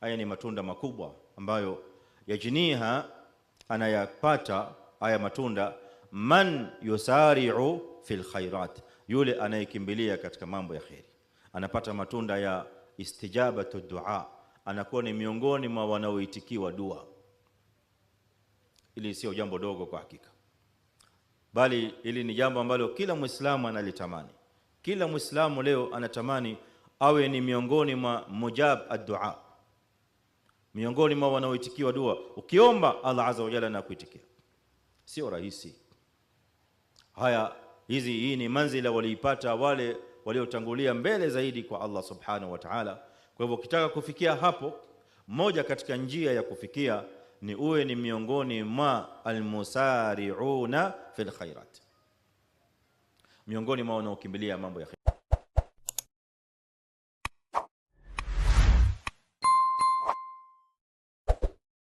Haya ni matunda makubwa ambayo yajiniha anayapata haya matunda man yusari'u fil khairat, yule anayekimbilia katika mambo ya kheri, anapata matunda ya istijabatu dua, anakuwa ni miongoni mwa wanaoitikiwa dua. Ili sio jambo dogo kwa hakika, bali ili ni jambo ambalo kila Muislamu analitamani. Kila Muislamu leo anatamani awe ni miongoni mwa mujab ad miongoni mwa wanaoitikiwa dua. Ukiomba Allah azza wa jalla sio rahisi. Haya, hizi hii ni manzila waliipata wale waliotangulia mbele zaidi kwa Allah subhanahu wa ta'ala. Kwa hivyo ukitaka kufikia hapo, moja katika njia ya kufikia ni uwe ni miongoni mwa almusari'una fil khairat, miongoni mwa wanaokimbilia mambo ya